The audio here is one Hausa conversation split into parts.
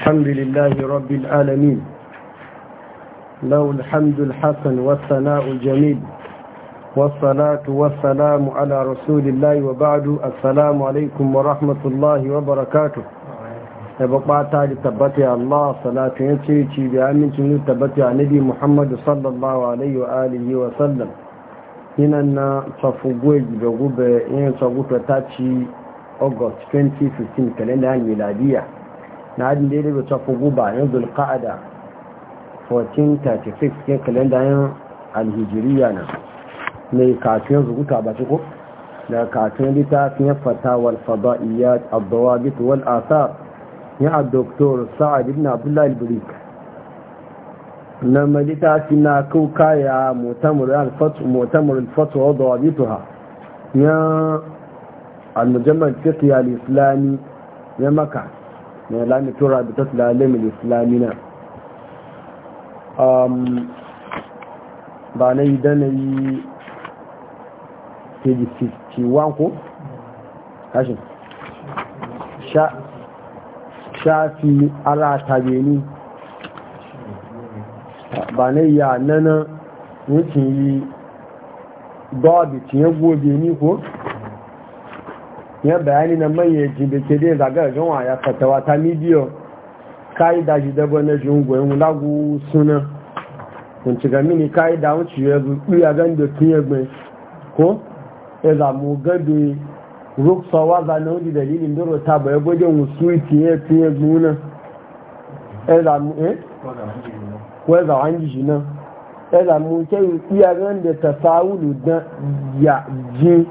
الحمد لله رب العالمين له الحمد الحسن والثناء الجميل والصلاة والسلام على رسول الله وبعد السلام عليكم ورحمة الله وبركاته يبقى تعالي تبتي الله صلاة ينسيتي بأمن تنو تبتي عن نبي محمد صلى الله عليه وآله وسلم هنا صفوقوي بغوبة إن صفوقوة تاتي أغسطس 2015 كالندا الميلادية na hadin da ya dabe tafi guba yan zulka'ada 1436 ke kalenda yan alhijiriya na mai kafin zukuta ba ciko da kafin littafin iya fada'iyyar abdawabit wal asar ya doktor sa'ad ibn abdullah al-burik na littafi na kuka ya mutamar al-fatwa dawabituha ya al-mujammad fiqh islami ya maka na lami tura da ta lalimin islamina um, ba na yi dana yi page 51 ko? kashin shafi ala tabeni ba na yi yanana yankin yi gobe ni ko? ya bayani na manyan jibe ke dai zagar ganwa ya fatawa ta midiyo ka'ida shi dabo na jungoyin lagu suna kunci ga mini ka'ida e e wuce eh? e ya ya da tun ya gbe ko ya zamu gado ruksawa zanen wuce dalilin doro ta bayan gwajen wasu itinye tun ya gbe ya zamu eh wẹ́zà wá ń jìjì náà ẹ̀là mú kẹ́ ìyàrán lè tàfàúlù dán ya jín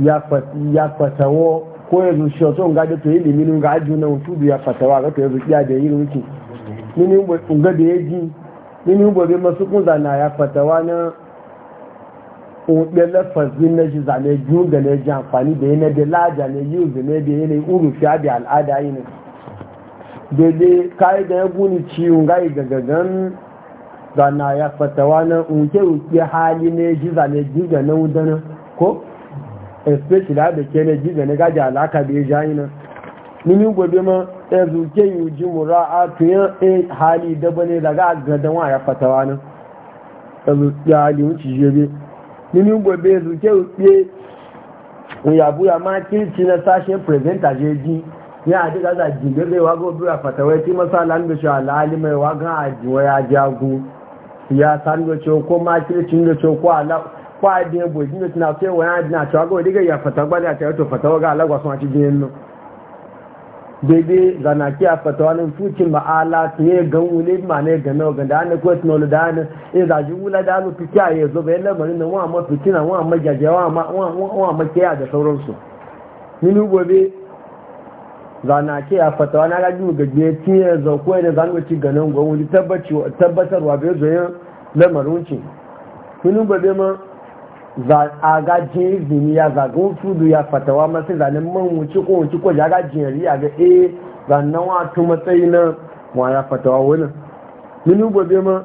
ya fatawo ko ya zuci wato ga da to ne nun ga na mutu ya fatawa ga to ya zuci da yi ruki nini ga da yaji nini gobe masu kunza na ya fatawa na ɗe lafazin na shi zane biyu ga na ji amfani da yana da laja na yi zane da yana yi uru fiye da al'ada yi ne daidai kayi da ya guni ciwon gayi gagagan zana ya fatawa na unke-unke hali ne shi zane biyu ga na wudana ko especially abe kene gizo ne gaji alaka da ya jayi nan mun gobe ma ya zuke yi uji mura a tuyan a e hali daba ne daga gadan wa ya fatawa nan ya zuke hali wuce jebe nini yi gobe ya zuke uke yabu ya ma kirci na sashen presenter jeji ya adi gaza jibe bai wago biya fatawa ya ti masa lambe shi alali mai wagan ajiwa ya jago ya san ko ma kircin da ko ala kwa da yabo jini suna sai wa yana dina cewa gawai daga ya fata gbali a cewa to fata waga alagwa sun jini jinin bebe zana ki a fata wani fucin ma'ala su ne gan wule ma ne ga nawa ga dana ko suna da dana ya e zaji wula da alu fikiya ya zo bayan lamarin nan wa ma fitina wa ma jaje wa ma kiya da sauransu nini gobe zanaki a fata wani alaji ga biya tiye zaukowai zan zanwaci ganin gwamnati tabbatarwa bai zoyen lamarin ce. Kunin ba zai a gajin izini ya zagon fudu ya fatawa masu zanen man wuce ko wuce ko ya gajin yari a ga eh zanen wato matsayi na ma ya fatawa wani mini gobe ma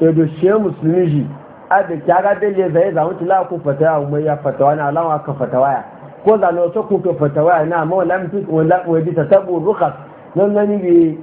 edo shiye musulmi ji a da ki aga dele zai zamu tula ku fatawa kuma ya fatawa na alama ka fatawa ya ko zanen wasu ko ka fatawa ya na amma wala mutu wala ta tabo rukas nan nan ne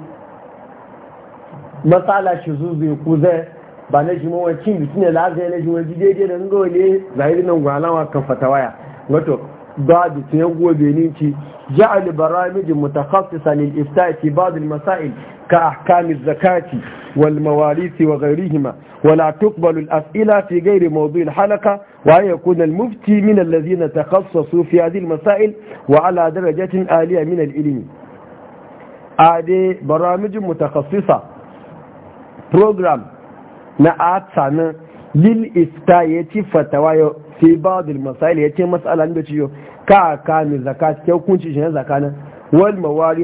matsala shi zuzu ku zai ba na shi mawacin bikin da lafiya na shi wani daidai da ngo ne zahiri nan gwalawa kan fatawaya wato da sun yan gobe ni Ja'ali Baramijin baramij mutakhassisa lil ifta'i fi masail ka ahkam az zakati wal mawarith wa ghayrihima wa la tuqbalu as'ila fi gairi mawdu' halaka wa ya kuna mufti min alladhina takhassasu fi hadhihi masail wa ala darajatin aliya min ilimi ade baramijin mutakhassisa program na atsa na lil ista ya ci fatawa yau fi ba da masail ya ce matsala da ciyo ka ka ni zakat ke hukunci shi na zakana wal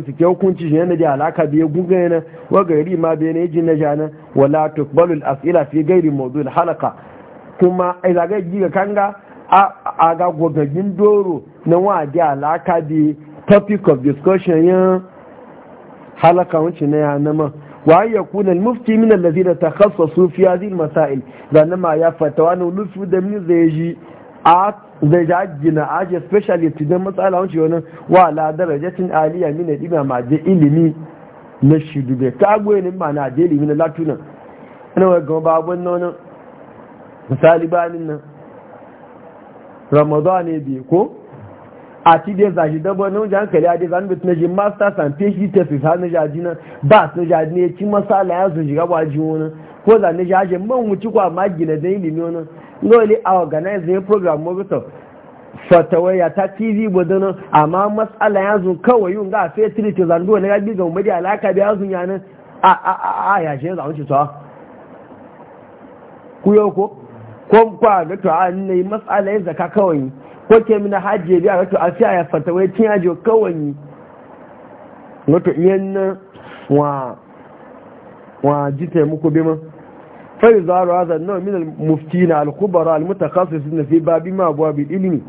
su ke hukunci shi na da alaka ya guga na wa gairi ma biye ne jin na jana wala tuqbalu al as'ila fi gairi mawdu' al halaqa kuma ai zaga giga kanga a ga gogagin doro na wa da alaka bi topic of discussion ya halaka wuce na ya nama wa ya kuna al-mufti min ta takhassasu fi hadhihi al-masail dan ma ya fatawa wani lufu da min zai ji a zai ji ajina dan matsala wanci wannan wa la darajatin aliyya min al ma je ilimi na shidu Ta tagwe ne ma na je ilimi na ina wa ga babun nan misali banin ne ko ati ti dai zashi dabo nan jan kali a dai zan bitu na master san and phd thesis fi zan jaji na ba su jaji ne ci masala ya sun shiga gwaji wani ko za na jaji man wuci kwa ma gina da ilimi wani ngoli a organize ne program mobito fatawaya ta tv bodono amma masala ya sun kawai yun ga sai trinity zan ne ga gigan mu da alaka da sun yana a a a ya je za mu ci to ku yau ko ko kwa ga to an ne masala ya zaka kawai ko ke mina hajje biya wato a fiya ya fata wai cin hajjo kawai wato iyan wa wa ji taimako bi ma fari zaro hazan nawa min al-mufti na al-kubara al-mutakhasis na fi babi ma abuwa bi ilimi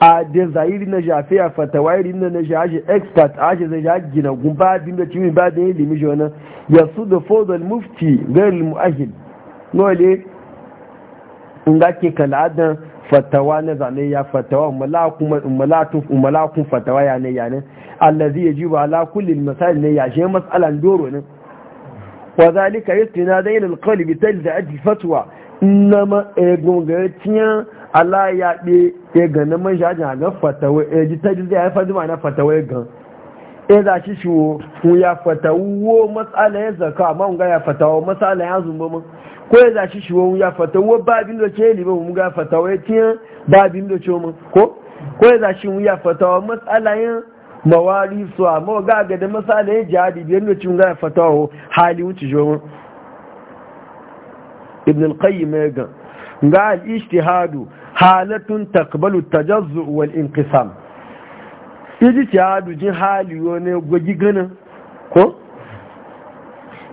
a da zahiri na jafi a fatawa iri na na jaje expert a shi zai jaji na gumba bin da cimin ba da ilimi shi wani ya su da fodal mufti gari mu'ahil nole in ga ke kala'adar fatawa na zane ya fatawa malakun fatawa ya ne yanin allazi ya jiba ala kullin misali ne ya shi matsalan doro ne wa zalika zai zain alqali bi da ati fatuwa. nama gongatiya ala ya ɗe ya ga na man shajin ga fatawa ya e ji ta zai haifar zuma na fatawa ya gan e za shi shi wo ya fatawa matsalan ya zaka amma ga ya fatawa matsalan ya zumba mun ko ya zaci shi wani ya fata wa ba abin da ke liman mu ga fata wa tiyan ba abin da ce mu ko ko ya zaci mu ya fata wa matsalayin mawari su a mawa ga ga da matsalayin jihadi biyan da cin ga fata wa hali wuce jo mu ibn al-qayyim ga ga al halatun taqbalu tajazzu wal inqisam ijtihadu jin hali wani gwaji ganin ko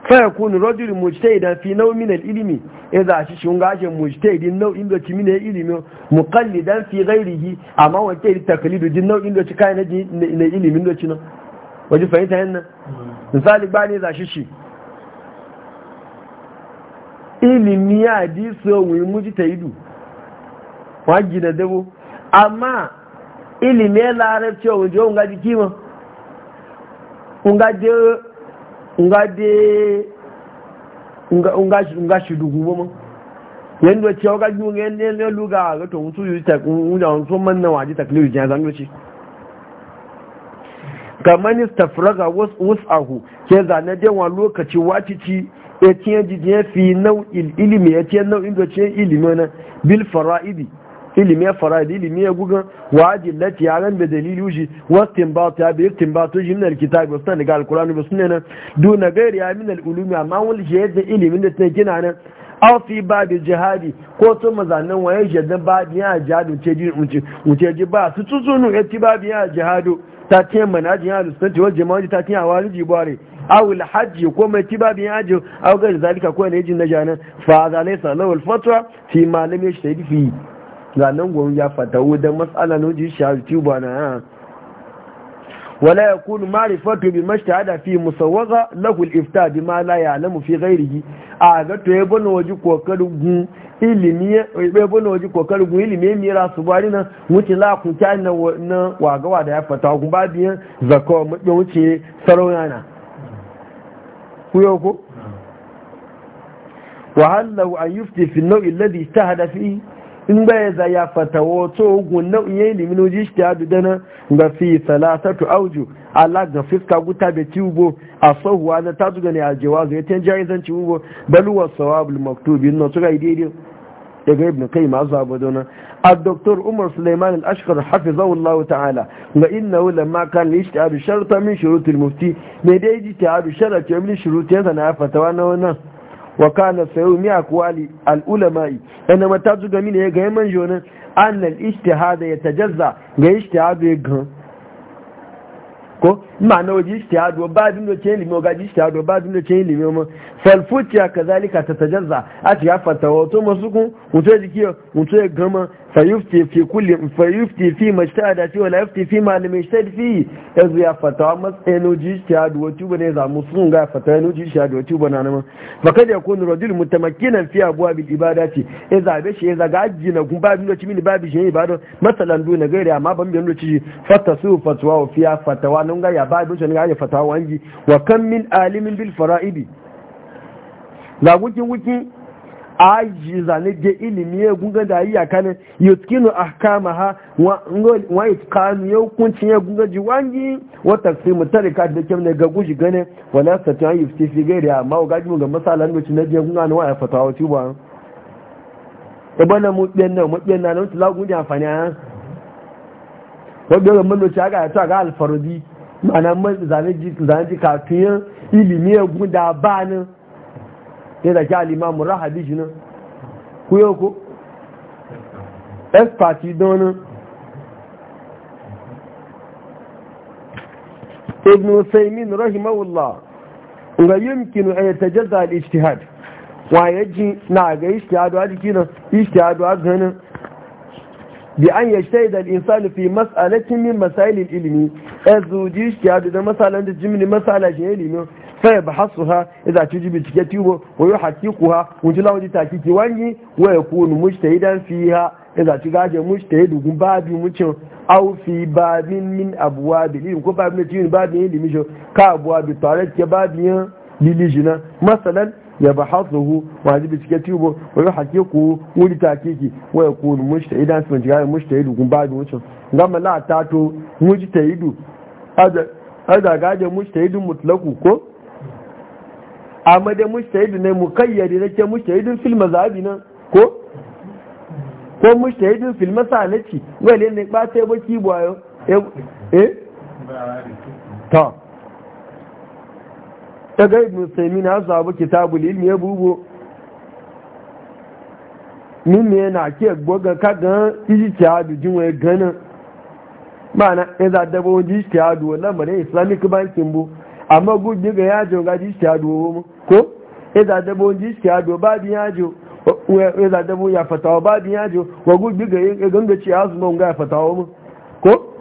faya kunu rajul mujtahidan fi nawmin al-ilmi idza shi shun gashin mujtahidin nau'in da cimina ya ilimi muqallidan fi ghairihi amma wa da taklidu din nau'in da kai na ne ilimin da cinan waje fahimta yannan misali ba ne za shi ilimi ya di so wi mujtahidu wa gina dabo amma ilimi la wajen ga dikima ngaji kima je nga de nga shi dugu ba mun yadda ce wa gaji luga ga to mutu yi ta kunja wani sun manna waje ta kiliru jiya zan ce kamar nista fraga wasu ke zane denwa lokaci wacici ya ciye e jijiyar fi nau'in ilimi e ya ciye nau'in da ciye ilimi na bil fara'idi ilimi faradi ilimi ya gugan wa adillati yaran da dalili uji wa istinbat ya bi ba uji min alkitab wa sunan daga alqur'ani wa sunna duna gairi ya min alulumi amma wal jihad ilimin da take gina nan aw fi babu jihadi ko to mazanin waye jadan ba biya jihadu ce ji unce unce ji ba su tsuzunu ya ti ba biya jihadu ta ce manajin ya lusunci wal jama'a ta ce awali jibare aw al hajj ko mai ti ba biya ji aw ga zalika ko ne jin najana fa zalisa lawal fatwa fi malami shaydi fi zanen gwamnati ya fata wudan matsala na ji shi tuba na ya wala ya kunu marifatu bi hada fi musawaza na hulifta bi ma la alamu fi ghayrihi a ga ya yabo na waji kokarin gun ilimi ya na waji kokarin gun ilimi mira su bari na wuce la kyan na wagawa da ya fata kun ba biyan zakawa mu wuce sarauna ku yau ko wa hallahu an yufti fi an in bai za ya fata wato gun nau'in ilimin oji shi ta dudana ga fi salasatu auju ala ga fiska guta da tubo a sahuwa na ta zuga ne a jewa zai ta jaizan tubo baluwa sawabul maktubi na suka yi daidai daga ibn kai masu abadona a doktor umar suleiman al-ashkar hafizahullahu ta'ala ga inna wula ma kan lishi ta abu sharta min shurutul mufti mai daidai ta abu sharta min shirutu yanzu na ya fatawa na wannan wa kana sayu mi akwali al ulama ina mata zuga mini ya ga man jona an al ijtihad yatajazza ga ijtihad ya ga ko ma'ana waje shi ta ba dun da ke limi ga ji shi ta ba dun da ke limi ma ya kazalika ta tajazza a ci ya fata wato masu kun mutu jiki mutu ya gama fayufti fi kulli fayufti fi majtada fi wala yufti fi ma lam yajtad fi yanzu ya fata wa matsayin ji shi ta duwa tuba ne za mu sun ga fata no ji shi ta duwa tuba na nan fa kada ya kunu rajul mutamakkinan fi abwab al ibadati ya zabe shi ga ji na kun ba dun da ci mini babu shi ibada masalan dun duna gairi amma ban biyan da ci fatasu fatwa fi fatawa nan ga ya ba bin shi ne ga fatawa wangi wa kan min alimin bil fara'idi ga wukin wukin aji zane je ilimi ya gunga da yi akanin yutkinu ahkama ha wa yutkanu ya hukunci ya gunga ji wangi wa taqsimu tarika da kem ne ga guji gane wa la satu an yufti fi gairi amma ga mu ga masalan wuci na je gunga na waya fatawa ci ba e bana mu den na mu den na na lagun la gunga amfani ha wa ga mun wuci aga ta ga alfardi ma'ana zane ji katuyen ilimi ya guda ba nan ya zaki alimamu rahabi shi nan ku yau ku espati donin ibn saimin rahimahullah ga yumkinu a yata jaza al-ishtihad wa yaji na ga ishtihadu a jiki nan ishtihadu a ganin bi an ya shai da insani fi mas'alatin min masailin ilimi ya zuji shi ya da masalan da jimini masala shi ilimi fa ya bahasu ha idza tuji bincike tubo wa yu haqiquha wujula waji takiki wani wa yakunu mujtahidan fiha idza tuga je mujtahidu gun babi mucin aw fi babin min abwabi ilimi ko babin tuji babin ilimi jo ka abwabi tare ke babin lili jina masalan ya ba hasuhu wajibi cike tubo wani hake ku wuri takiki waya ku mushta idan su jiga ya mushta idu kun ba da wucin gama la ta to muji ta idu aza gaje mushta idu mutlaku ko amma dai mushta idu ne mu kayyade na ke mushta idu fil mazabi nan ko ko mushta idu fil masalaci wale ne ba sai baki bayo eh, eh? ta ta ga ibn saimin har sabu kitabul ilmi ya bubo min ne na ke gboga ka ga ijtihadu ji wai ganin ma'ana in za dabo wani ijtihadu wannan bane islamic banking bu amma ji ga yajo ga ijtihadu ko in za dabo wani ijtihadu ba bi yajo in za dabo ya fatawa ba bi wa ga ci ga mu ko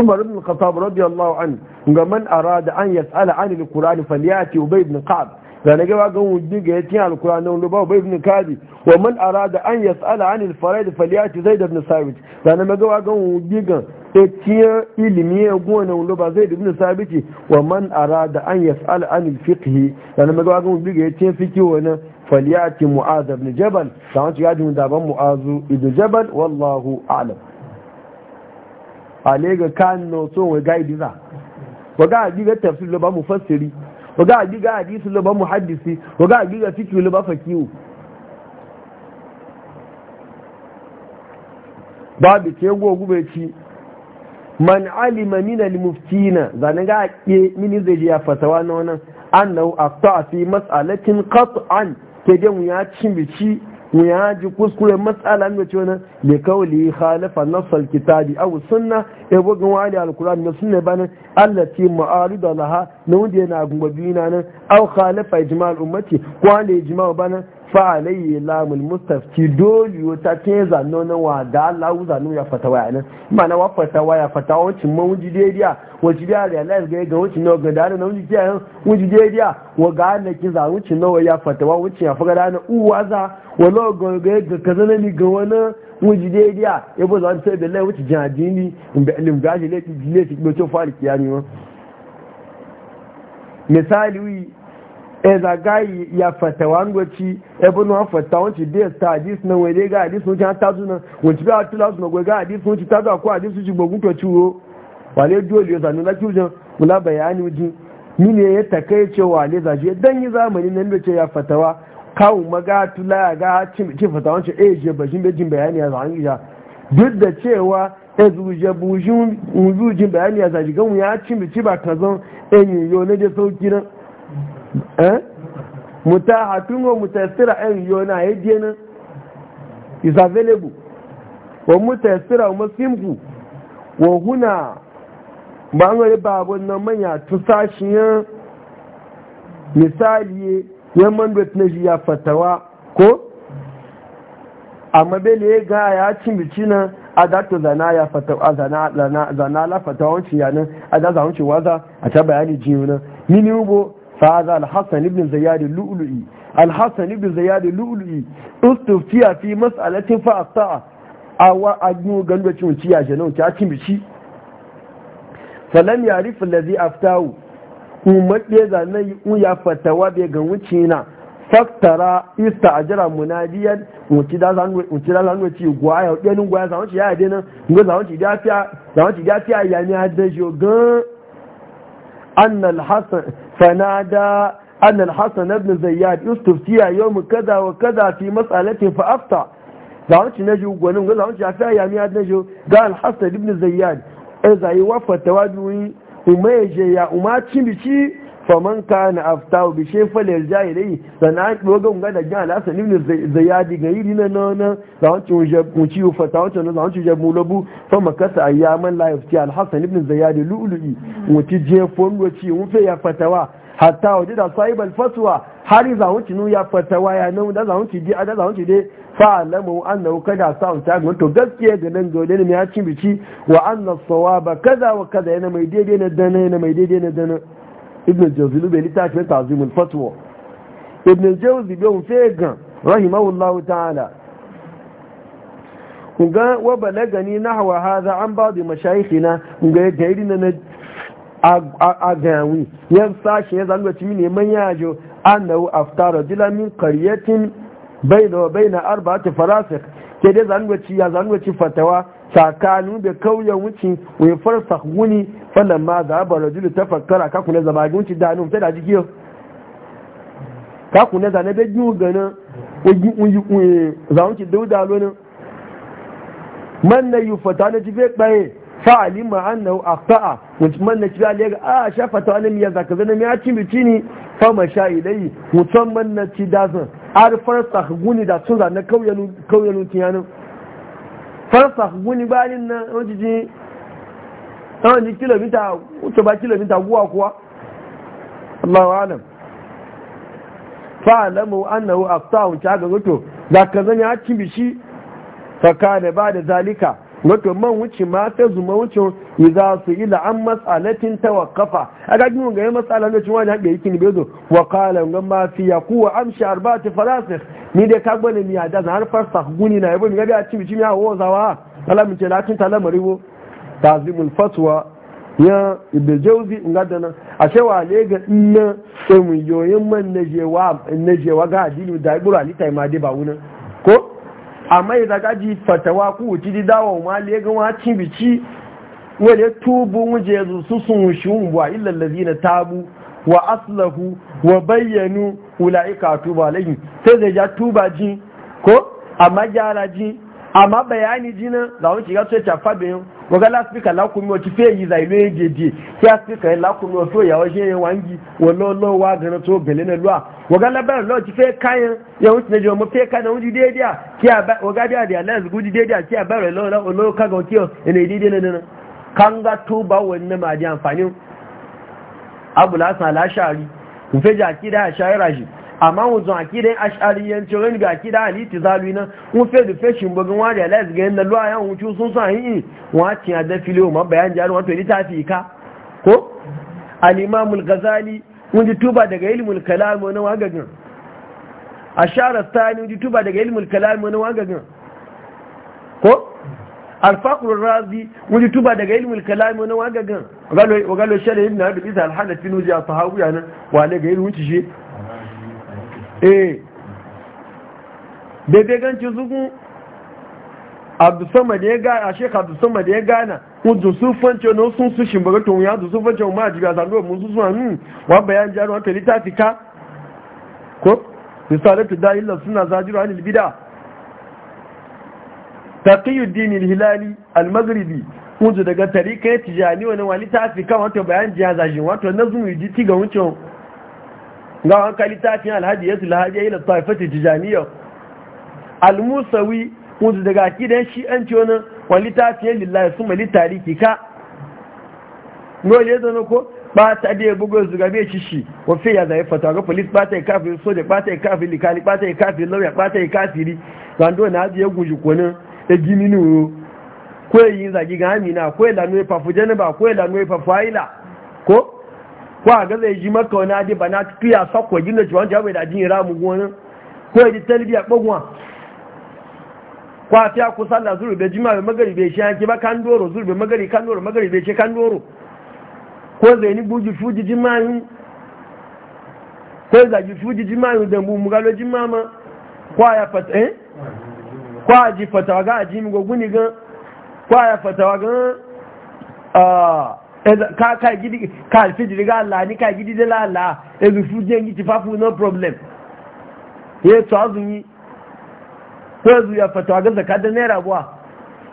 umar ibn khattab radiyallahu an ga man arada an yas'ala an al-qur'an falyati ubay ibn ka'b da na gaba ga wujin ga yatin al-qur'an nan ruba ubay ibn wa man arada an yas'ala an al-faraid falyati zaid ibn sabit da na gaba ga wujin ga yatin ilimi ya gona ruba zaid ibn sabit wa man arada an yas'ala an al-fiqh da na gaba ga wujin ga yatin fiqh wannan falyati mu'adh ibn jabal da wani gajin daban mu'azu ibn jabal wallahu a'lam alega kan no so we gai diza waga adiga tafsir lo ba mufassiri waga adiga hadisi lo ba muhaddisi waga adiga fiqh lo ba faqihu babu ke gogu bai ci man alima min al-muftina zan ga ke mini zai ya fatawa na annahu aqta fi mas'alatin qat'an ke dan ya cin bici ya ji kuskure matsala ne cewa ne kawali khalafa nasal kitabi aw sunna e bugun wali alquran ne sunna bane allati ma'arida laha ne wanda yana gumbabina na nan aw khalafa ijma'al ummati ko ala ijma'u bane fa alayhi lamul mustafti dole yo ta ce zanno na wa da Allah zanno ya fata waya nan mana wa fata waya fata wancin man wuji dediya wuji da realize ga ga wucin no ga da na wuji kiya wuji dediya wa ga na ki za wucin no ya fata wa wucin ya faga da na uwa za wa lo ga ga ga kaza na ni ga wani wuji dediya ya bo zan sai billahi wuci jadini in bi alim gaji lati jilati ko to fari kiyami ma misali ẹ̀zà gáyì ya fatawa ń gwaci ẹbùn wọn wọ́n ti dé ẹ̀sà àdís na wọ́n gá àdís wọn ci án tátù na wọn bí a tó lásùn ọgbẹ̀ gá àdís wọn ci tátù àkó àdís gbogbo tó ci wo wà lé dúró lè zànú lákì wùjọ mula bayani ní ojú yi zamani nan da ya duk da cewa ezuje bujin ya zaji gan e ya ci Eh? mutahatun wa mutayassira ayin eh, yona ya je nan is available wa mutayassira wa simple wa huna ba an wani babon nan manya tusashiyan misali yamman da na ya fatawa ko amma bele ya ga ya cin bici nan a dato zana ya fatawa zana la fatawa wancin yanin a da zaunci waza a ta bayani jiyo nan mini ubo فهذا الحسن بن زياد اللؤلؤي الحسن بن زياد اللؤلؤي استفتي في مسألة فأخطأ أو أجنو غنوة تنتيا جنو تاكم بشي فلم يعرف الذي أفتاه umarɗe zane ya fatawa bai ga wuce na faktara ista a jira munadiyar wuce da zanuwa ci gwaya ɗanin gwaya zanuwa ci ya yade nan ga zanuwa ci dafiya ya ne haddashi gan annal hassan فنادى أن الحسن بن زياد استفتيا يوم كذا وكذا في مسألة فأفتى زعمت نجو ونم قال زعمت عفا يا مياد نجو قال الحسن بن زياد إذا يوفى التوادوي وما يجي يا وما تشمشي faman na afta bi shefal aljahili sana doga unga da jan la sanin ne zayadi ga yiri na na na da wanci uje kunci na wanci je mulabu fa makata ayyaman la yafti alhasan ibn zayadi lu'lu'i wuti je fondo ci mun fe ya fatawa hatta da sahib alfatwa har za wanci nu ya fatawa ya nan da za je da za wanci de fa annahu kada to gaskiya ga nan dole ne ya cin bici wa anna sawaba wa yana mai daidai na dana yana mai daidai na dana ibn jauzi ló bẹ ní tàbí tàzimul fatuwa ibn jauzi bẹ òun fẹ́ gan rahimahullahu ta'ala Ga wa balagani nahwa hadha an ba'd mashayikhina kunga ga irin na a gawi yan sashi ya zalwa ci ne man jo annahu aftara dilamin qaryatin bayna wa bayna arba'ati farasikh ke dai zalwa ci ya zalwa ci fatawa Sakanu da kauyen wuce wai farsa wuni fannan ma za ba rajulu ta fakara. kaku na zama wuce da hannun ta da jiki kaku na zane da biyu gana yi uyi uyi za wuce da lonin man na yi fata na jife baye fa alima annahu aqta'a wuce man na jibe aliyaga a ah, sha fata wani miya zaka zana miya ci mici ne fa ma sha ilai mutum man na ci dazan arfar guni da sun zane kauyen tiyanin farsa guni bayanin nan ojiji tsawon ji kilomita wuce ba kilomita guwa kuwa allahu alam fa'alamu annahu aftahun ta ga zato za ka zan zanya cin bishi faka da ba da zalika wato man wuce ma ta zuma wuce yi za su ila an matsalatin tawakafa a gajin ga yi matsalar da cewa da yake ni bezo wa kala ga ma fi ya kuwa amshi arba'ati farasih ni dai ka gwada mi hada zan har farsa guni na yabo mi gabi a ci bici mi a wozawa alamin ce latin lamari bo tazimul fatwa ya ibe jauzi in gada nan a cewa lega ga ina sai mun yoyin man najewa najewa ga addini da ibura ma de ba wunan ko amma idan gaji fatawa ku ti di dawo ma le ga wa cin bici wale tubu muje zu su sun shun wa illa allazina tabu wa aslahu wa bayyanu ulaika tuba sai zai ja tuba ji ko amma gyara ji amma bayani ji na zaune wuce ga sai ta fabe waga la lakumi la kumi o ti fe yi za ilu eje die ki a spika la kumi o ya o se wangi wo lo lo wa gan to bele ne lo a waga la ba lo ti fe kayan ya o ti ne jo mo fe kayan o di ki a ba waga dia dia lens go di de ki a ba re lo lo lo ka go ki o ene di de ne ne kanga to ba wonne ma di amfani abul hasan al ashari mu fe ja ki da shaira shi amma wuzon akidan ash'ariyancin rin ga akida halitti zalu nan kun fe da fashin bugun wani alaiz ga yadda luwa yan wucu sun sa yi wacin a dan filiyo ma bayan jari wato ni ta fi ka ko al'imamul gazali mun ji tuba daga ilimin kalam wani wagagin ashara stani mun ji tuba daga ilimin kalam wani wagagin ko alfakur razi mun ji tuba daga ilimin kalam wani wagagin wagalo shari'a ibn abi isa alhanafi a sahabu yana wale ga ci shi eh daidai ganci zugun abdusama da ya gana a shekha abdusama da ya gana ujun sufanci wani sun su shimbaga tun ya zu sufanci ma a jiga zanduwa mun su suna nun wa bayan jari wata littafi ka ko misalatu da illa suna zajiru hannun bida taqiyuddin al-hilali al-maghribi ujun daga tarika ya tijani wani wani littafi ka wata bayan jiya wata wato nazumi ji ti ga wucin ga hankali tafin alhaji yasu lahaji ila taifati tijaniya almusawi wanda daga kidan shi an ce wani wani tafiyan lillahi su mali tariki ka nole ya zana ko ba ta da ya zuga bai ci shi wafe ya zai fata ga polis ba ta yi kafin soja ba ta yi kafin likali ba ta yi kafin lauya ba ta yi kafiri rando na haji ya guji kwanin ya e gini nuro ko yi zagi ga amina ko ya lanuwa e fafu janaba ko ya lanuwa e fafu haila ko ko ga zai ji maka wani adi ba na tuya sakwa gina ci wani jami'ai da jini ramu gonin ko ya ji talibiya ɓagwa kwa ta ya kusa da zuru bai jima bai magari bai shi yanki ba kan doro zuru bai magari kan doro magari bai shi kan doro ko zai ni buji fuji jima'i ko zai fuji jima'i da mu mugalo jimama kwa ya fata eh a ji fatawa ga ajimi goguni ga kwa ya fatawa ga ah ka ka gidi ka alfijiri ga Allah ni ka gidi da la Allah e bi fu jengi no problem ye to azuni ko zu ya fatawa ga zakat da naira buwa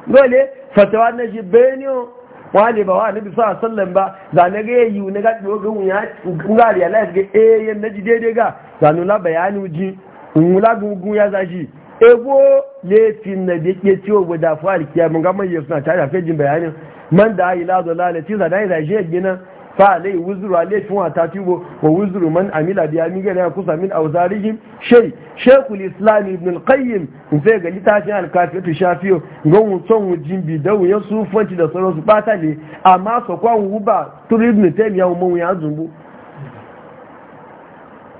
dole fatawa na shi benio wale ba wa nabi sa sallan ba za e na ga yi na ga dogo mun ya ga ya life ga eh yan naji daidai ga za no la bayani ji mun la gungun ya zaji ego lefin na da ke ciwo guda fa alkiya mun ga mai yasna ta da fejin bayanin man da ila dalalati za dai da je gina fa alai wuzuru alai tun wata tibo wa wuzuru man amila bi amiga da kusa min awzarihim shay shaykhul islam ibn al qayyim sai ga litafin al kafiyatu shafiyo gon son wujin bi da wuya fanti da sauransu bata ne amma so kwa wuba tur ibn taymiya mu ya zumbu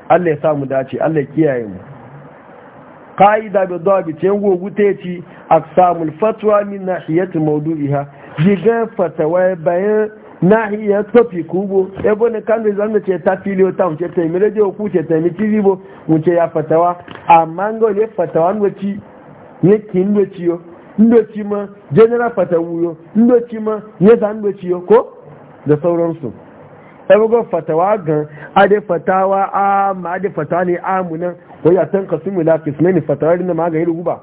Allah ya mu dace Allah kiyaye mu bi dabi tengo gutechi aksamul fatwa min ناحية mawdu'iha jiga fatawa bayan nahiyar topic ugbo ebe ne kano izan da ce ta fili ta wuce ta emi radio ku ce wuce ya fatawa amma ga ne fatawa ndoci ne ki ma general fatawu yo ndoci ma ne za ko da sauransu ebe fatawa gan ade fatawa a ma ade fatawa fatawa ga yi ruba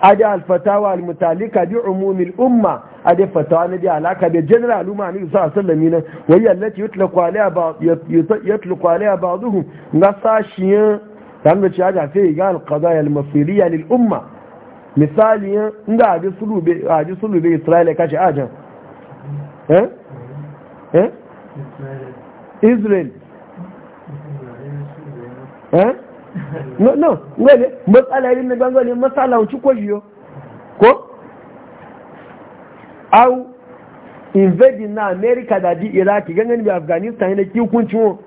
adi alfatawa almutalika bi umumi al'umma adi fatawa na di alaka bi general umma ne sa sallami nan wai allati yutlaqu alaiha ba yutlaqu alaiha ba'dhum nasashiyan dan da ciya sai ga alqadaya almasiriya lil umma misali inda aji sulube aji sulube isra'ila kace aja eh eh israel eh no no ngole matsala irin na ngole matsala wuci ko yo ko au invading na america da di iraq gangan bi afghanistan yana ki hukunci wo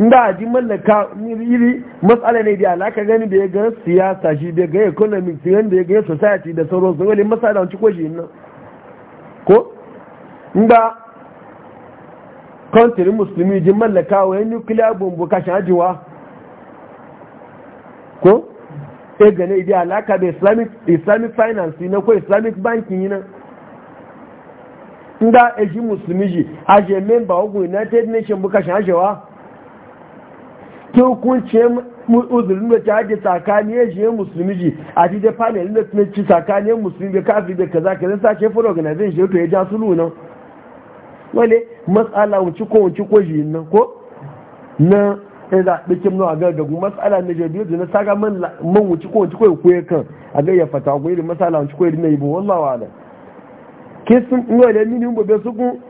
nda ji mallaka iri matsala ne da alaka gani da ya ga siyasa shi da ga economics da ya ga society da sauransu ngole matsala wuci ko jiyo ko nda kọ́ntìrí musulmi jí mallaka wa yin nukiliya bumbu kashin ajiwa ko e gane idi alaka da islamic, islamic finance na ko islamic banking yi na nda eji musulmi ji aje memba ogun united nation bu kashin ajiwa ki hukunci uzurin da ta haji tsakani ya ji musulmi ji a ti da panel da tunan ci tsakani musulmi da kafin da kaza kaza sashe for organization to ya ja su nan wale matsala wuce ko wuce ko shi nan ko na ya zaɓi kim na agar da kuma matsala na jabi da na saga man wuce ko wuce ko ko ya kan a ga ya fata ko irin matsala wuce ko irin na ibo wallahi wa ala sun ina da mini bobe su suku?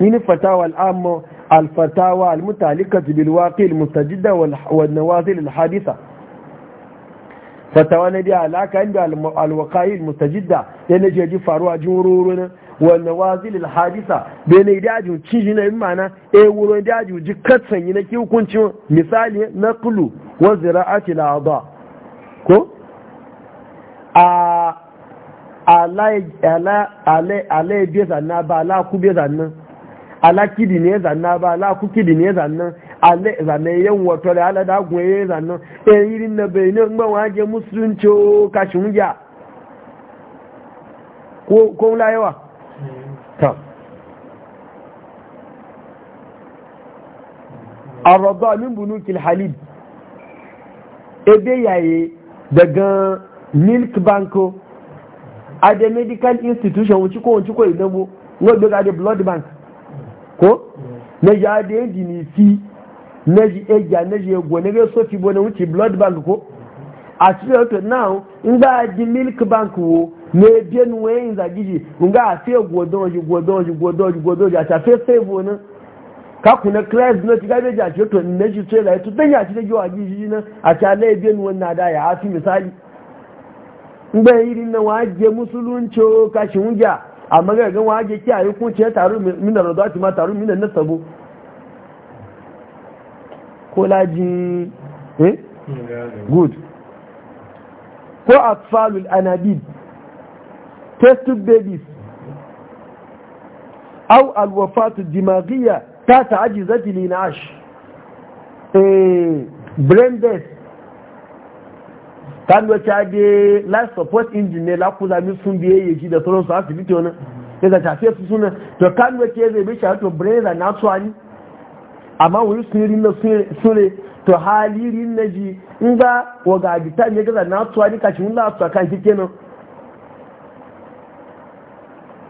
ni fatawa al'amma al-fatawa al-mutalika bil waqi al-mustajida wal nawazil al-haditha fatawa na da alaka inda al-waqi al-mustajida yana jeji faruwa jin ruru wannan wazilil hadisa bai ne dajin ciji na imana e wurin dajin ji katsan yi na ki hukuncin misali na kulu wa zira'ati la'adha ko a ala biya zanna ba ala ku biya zanna ala kidi ne zanna ba ala ku kidi ne zanna ala zanna yan wato da ala da gwaye zanna e irin na bai ne ngban waje musulunci kashin ya ko ko la yawa ta arraba min bunukil halib ebe yaye daga milk bank a da medical institution wuci ko wuci ko idabo wadda ga da blood bank ko na ya da yin dinisi na ji egya na ji egwo na ga sofi bo na wuce blood bank ko a cikin yau now in ba a ji milk bank wo me bien wen za giji nga afi godoji godoji godoji godoji a tafe save ne ka kuna class no ti gabe ja jo to ne ji tsela e to dan ya ti da jiwa giji na a ta le bien na da ya afi misali ngbe iri na wa je musulunci ka shi unja amma ga ga wa je ki ayi kun ce taru min da rodati ma taru min na sabo ko laji eh mm, good ko atfalul anabid tested babies au alwafatu dimaghiya ta ta'aji zaki linash brain death kan wa ta de life support engineer la kula mi sun biye yeji da sauran su asibiti wani ya da ta fiye su suna to kan wa ke zai bishi to brain da na tuwani amma wuri sun rin na sure to hali rin na ji in ga waga bitan ga gaza na tuwani kashin wula su kan kike no.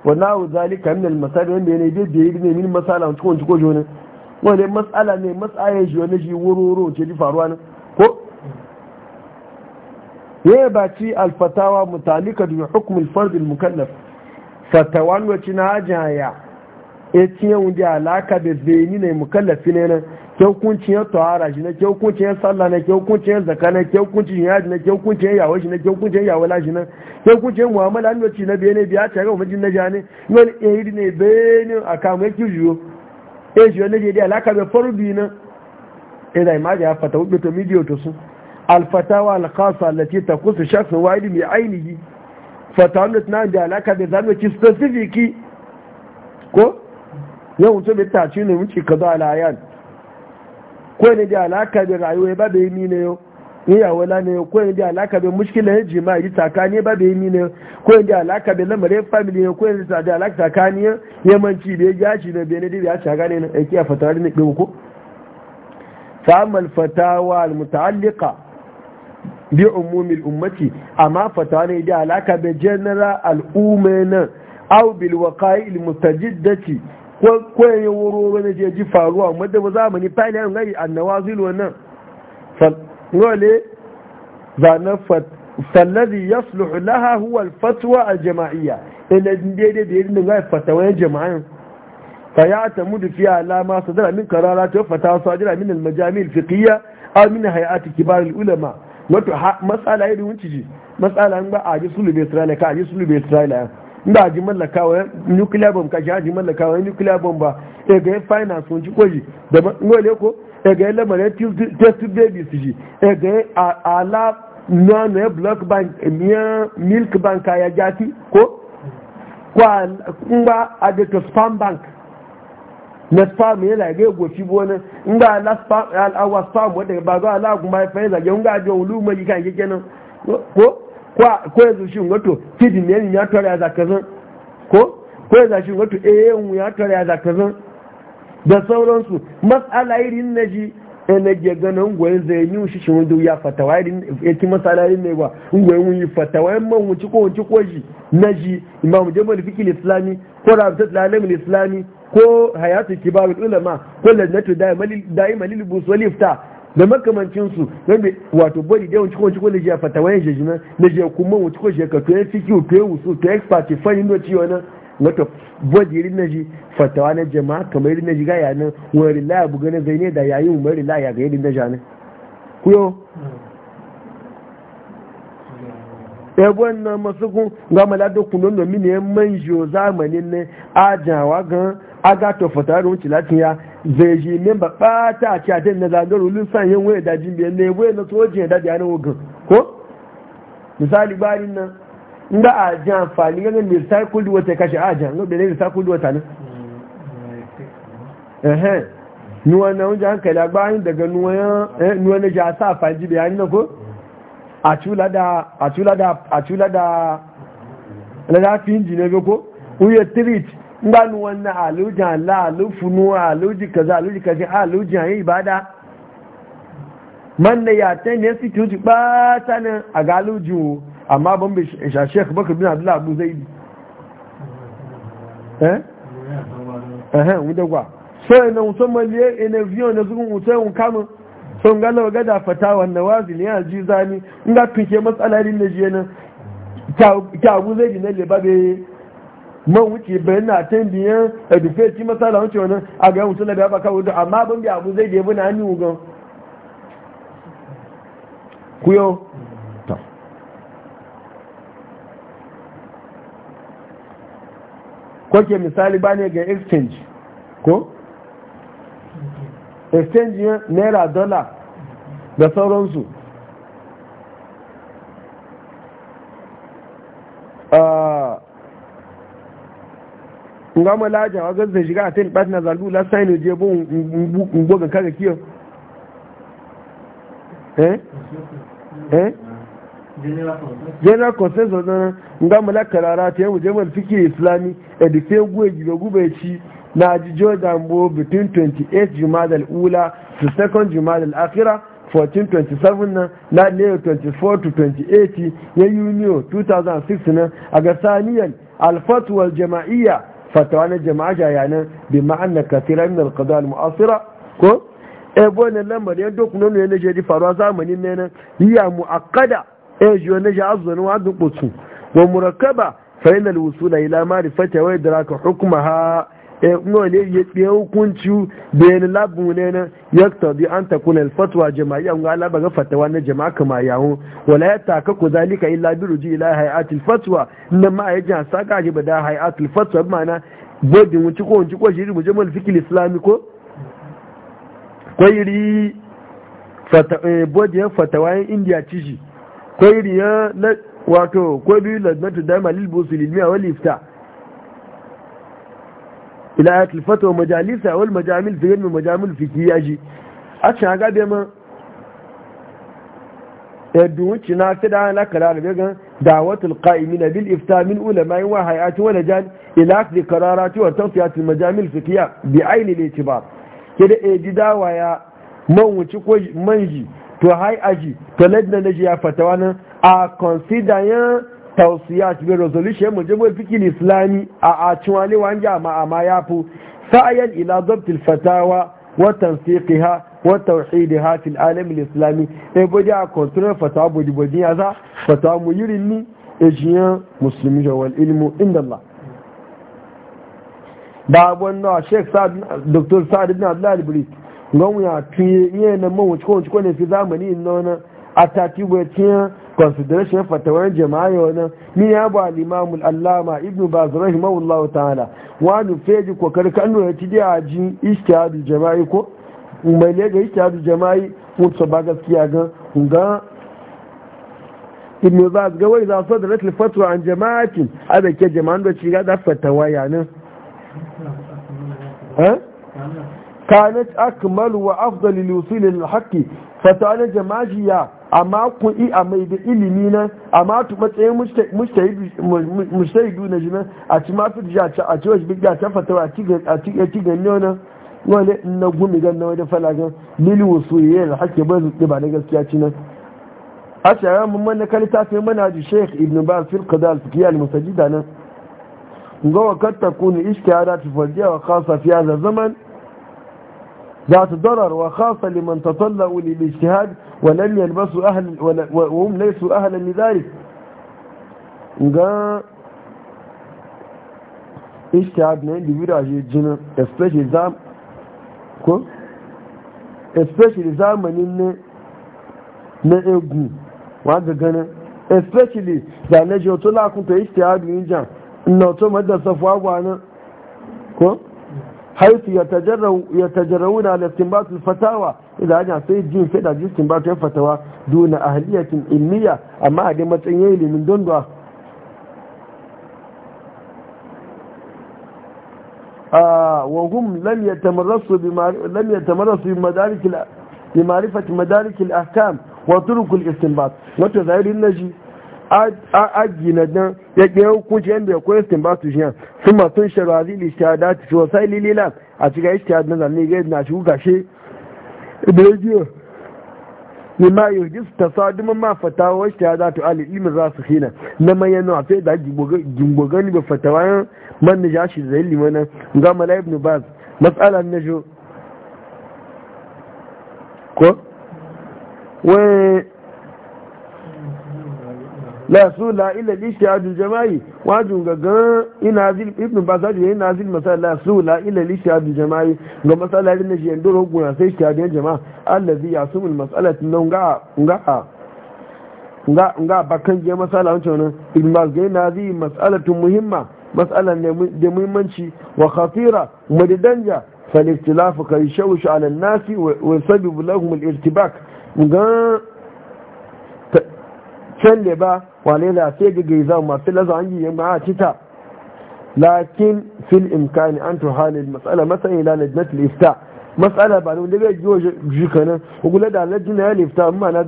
wannan zalika min al-masal wanda ne bai bai ne min masala wanda ko ko jona wanda masala ne masaye shi wanda shi wororo ce ji faruwa ne ko ya ba ci alfatawa fatawa mutalika bi hukm al-fard al-mukallaf fatawan na hajaya e tiyan wanda alaka da zai ne mukallafi ne nan kyaukuncin ya tawara shi na kyaukuncin ya sallah na kyaukuncin ya zaka na kyaukuncin hukuncin ya na kyaukuncin ya yawo shi na kyaukuncin ya wala shi na kyaukuncin ya mu'amala ne ci na biye ne biya ta ga mujin na ja ne non eh ri ne be ne aka mu ki juyo eh juyo ne je da alaka be farbi na eh da imaji ya fata ubi to midiyo to su al fatawa al khassa allati takusu shakhs wahid bi ainihi fatawa na da alaka be zamu ci specific ko yau to be ta ci ne mun ci kaza al ayan kawai ne da alaka da rayuwa ba da yi mine yau iyawa lana yau kawai ne da alaka da mushkila ya jima'a yi takani ba da yi mine yau kawai ne da alaka da lamare family ya kawai ne da alaka takani ya yamanci da ya gashi na biyan da ya shaga ne na aiki a fatawa da nufin ko samun fatawa almutallika bi umumi al'ummati amma fatawa ne da alaka da general al'umma nan au bil waqai'il mutajaddati kwaye wuro wani je ji faruwa wadda ba ni fa'ili yaron gari annawa zilu wannan za na fallazi ya suluhu laha huwa fatuwa a jama'iyya ina daidai da irin gari fatawayen jama'in fa ya ta mudu fiye alama su zara min karara ta fata su ajira min almajami'il fiqiyya a min hay'ati kibar ulama wato matsala irin ji matsala ba a ji sulu bai israila ka a ji sulu bai israila ba ji mallaka wa nuclear bomb kashi haji mallaka wa nuclear bomb ba e ga e finance sun ci koji da ngole ko e ga e lamar test baby su ji e ga e ala na na block bank miya milk bank ya jati ko kwa ngba adeta spam bank na spam yana ga ego fi bo na ngba la spam al awa spam wanda ba ga ala kuma fa yana ga ngba jo uluma yi kan yake nan ko ko yanzu shi wato fidin ne ya tare ya zakazan ko ko yanzu shi wato eh mu ya tare ya zakazan da sauransu mas'ala irin na ji ene ganin gwayin zai yi shi shi wanda ya fatawa irin ya e ki mas'ala irin ne ba gwayin wuyi fatawa e man wuci ko wuci ko shi na ji imam jamal fikil islami ko rabtat lalim islami ko hayatu kibar ulama ko lajnatu daima lil ifta da makamancinsu wato bari da yawanci kwanci kwanci ya fatawa ya na je kuma wuce kwanci ya kato ya fiki to ya wusu to ya expert ya fani no ciwo nan wata bari irin na ji fatawa na jama'a kamar irin na ji gaya nan wani rila ya buga na zai ne da yayin umar rila ya ga irin na ja nan kuyo eh, na masu kun ga malado kunon manjo zamanin ne ajawa gan agato fatawa da wuce latin ya zai ji memba taa a cikin na zagar ulun san yin waya na jimbe na waya na sojin da biyanin ko misali barin nan inda a ji amfani ganin recycled water kashe a ji hannun benin recycled water ehem nuwa na wunji hankali daga nuwa eh, na ji a na ko a cula da da a ko ngani wannan alujin Allah alufunuwa aluji kaza aluji kaji aluji a yi ibada man ya yatan ne su tuji bata nan a ga aluji wo amma ban bai shashe ka bakar bin abdullahi abu zai bi eh eh wuda kwa so yana e musamman liye enerviyon e e na zukun musayin kamun sun galawa gada fata wannan wazi ne yana jizani in ga tuke matsalarin na jiyanin kyawu zai ji na lebabe man wuce bayan na tan biyan a ci masala wuce wani a ga mutum na biya amma ban biya abu zai jebu na hannun wugan kuyo ta kwake misali ba ne ga exchange ko exchange naira dollar da sauransu ah nga mo laja wa gaza shiga a tin bat na zalu la sai ne je bon ngbo ga kaga kiyo eh eh general consensus na nga mo la karara te mu je mu fiki islami e de fe gwe giga be chi na ji jordan bo between 28 jumada al-ula to second jumada al akhira 1427 na na ne 24 to 28 ya yuniyo 2006 na agasaniyan al fatwa al jama'iyya fatawa na jama'a jayanan bi ma'anna kasira min alqada almu'asira ko e bonan lamar ya doku nono ne je di faruwa zamanin ne nan hiya muaqqada e jiyo ne ja azzanin wa dukutu wa murakkaba fa inal wusula ila wai wa idraka hukumaha. kuma eh, ne ya tsaye hukunci da ya labu ne na ya tabi an ta kuna alfatwa jama'a ga alaba ga fatawa na jama'a kama yawo wala ya taka ku zalika illa bi ruji ila hayatul fatwa inda ma ya jan saka ji bada hayatul fatwa ma'ana bodin wuci ko wuci ko shiri mu jamal fikil islami ko kwairi eh, bodin fatawa yan indiya ciji kwairi ya wato kwairi ladnatu daima lil busulil miya wal ifta ila ayatul fatwa majalisa wal majamil fi ilmi majamil fiqhiyya ji a ci ga be ma yadda wuce na fi da ana da gagan dawatul qa'imina bil ifta min ulama'i wa hayati wa lajan ila akhdhi qararati wa tawfiyatil majamil fiqhiyya bi ayni al ba. kida e ji dawa ya man wuce ko manji to hai aji to na naji ya fatawa nan a consider yan tausiyat bi resolution mu jabo fikil islami a a cinwale wan jama'a ma yafu sa'yan ila dabt al fatawa wa tansiqha wa tawhidha fil alam al islami e boja control fatawa boji boji ya za fatawa mu yirin ni ejiyan muslimi wal ilmu inda Allah babon na sheikh dr sa'd ibn abdullah al-bri gonwa tuye yana mawuci ko ne fi zamani inna na atati bo tiyan consideration fatawar jama'a wannan min ya ba al-imam al-allama ibnu baz rahimahullahu ta'ala wa nu feji ko karkan ya ci da ji ijtihad jama'i ko mai ne ga ijtihad jama'i ko so ba gaskiya ga ga ibnu baz ga wai za su da ratul fatwa an jama'atin ada ke jama'an da ci ga da fatawa yanin ha kanat akmal wa afdal lil wusul lil haqqi fatana jama'iyya amma ku yi a mai da ilimi nan amma tu matsayin mustahidu na jinan a ci mafi da a ci wasu bigya ta fatawa a ci gani wani wani na gumi gan na wajen falagan lili wasu yi da hake ba zuɗe ba na gaskiya ci nan a shara ah, mun mana kalita fi mana ji sheik ibn ba fil qada al al nan ga wa kad takunu ishtihada fi fardiya wa khassa zaman ذات ضرر وخاصة لمن تطلعوا للاجتهاد ولم يلبسوا أهل وهم ليسوا أهلا لذلك اجتهاد من individual جنا especially زام ko especially zamanin ne na wanda ganin especially da na je otu lakunta ijtihadu yin jan na otu madasa fuwa gwanin ko حيث يتجرؤون على استنباط الفتاوى إذا أجع سيد جين سيد أجل استنباط الفتاوى دون أهلية علمية أما أجل متعيني من دون دوا وهم لم يتمرسوا لم يتمرسوا بمدارك بمعرفة مدارك الأحكام وطرق الاستنباط وتظهر النجي aji na dan ya ke hukunci yadda ya koya sun ba su shi yan sun masu shara zili shahada ta ce wasai lilila a cikin ishtihad na zanne ga na shi shi da ya jiya ne ma yi hujji su duma ma fatawa ishtihada ta ali ilimin za su hina na manyan na sai da gingogani ba fatawa yan man na shi zai limanan ga mala ibn baz matsalar na jo ko wani la su la ila lishiyajin jama'i wajin gaggan ina zil ibn basaju yana zil masala la su la ila lishiyajin jama'i ga masala rin da shi yanzu rogun ya sai shiyajin jama'a allazi ya su min masala tun nan ga nga nga bakan je masala wancan nan ibn bas ga yana zil mas'alatu muhimma masala ne da muhimmanci wa khatira kuma da danja fal ikhtilafu kai shawshu ala nasi wa sabab lahum al irtibak ga kyalle ba wane na sai ga gaiza masu laza an yi ma a cita lakin fil imkani an tuhalil matsala matsayin ila na lifta matsala ba ne wanda bai yi jikanin hukula da alajin na ya lifta amma na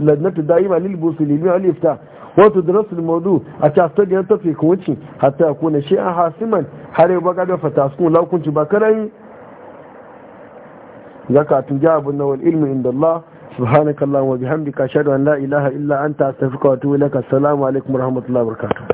najmatu da'ima lil busulimi ya lifta wato da rasul maudu a casta da ya tafi wuce hatta ya kuna shi an hasiman har yau baka gafa taskun lakunci ba karai zakatun jihar na ilmi inda Allah wa bihamdika ashhadu an la ilaha illa anta astaghfiruka wa atubu ilaik assalamu alaikum warahmatullahi wabarakatuh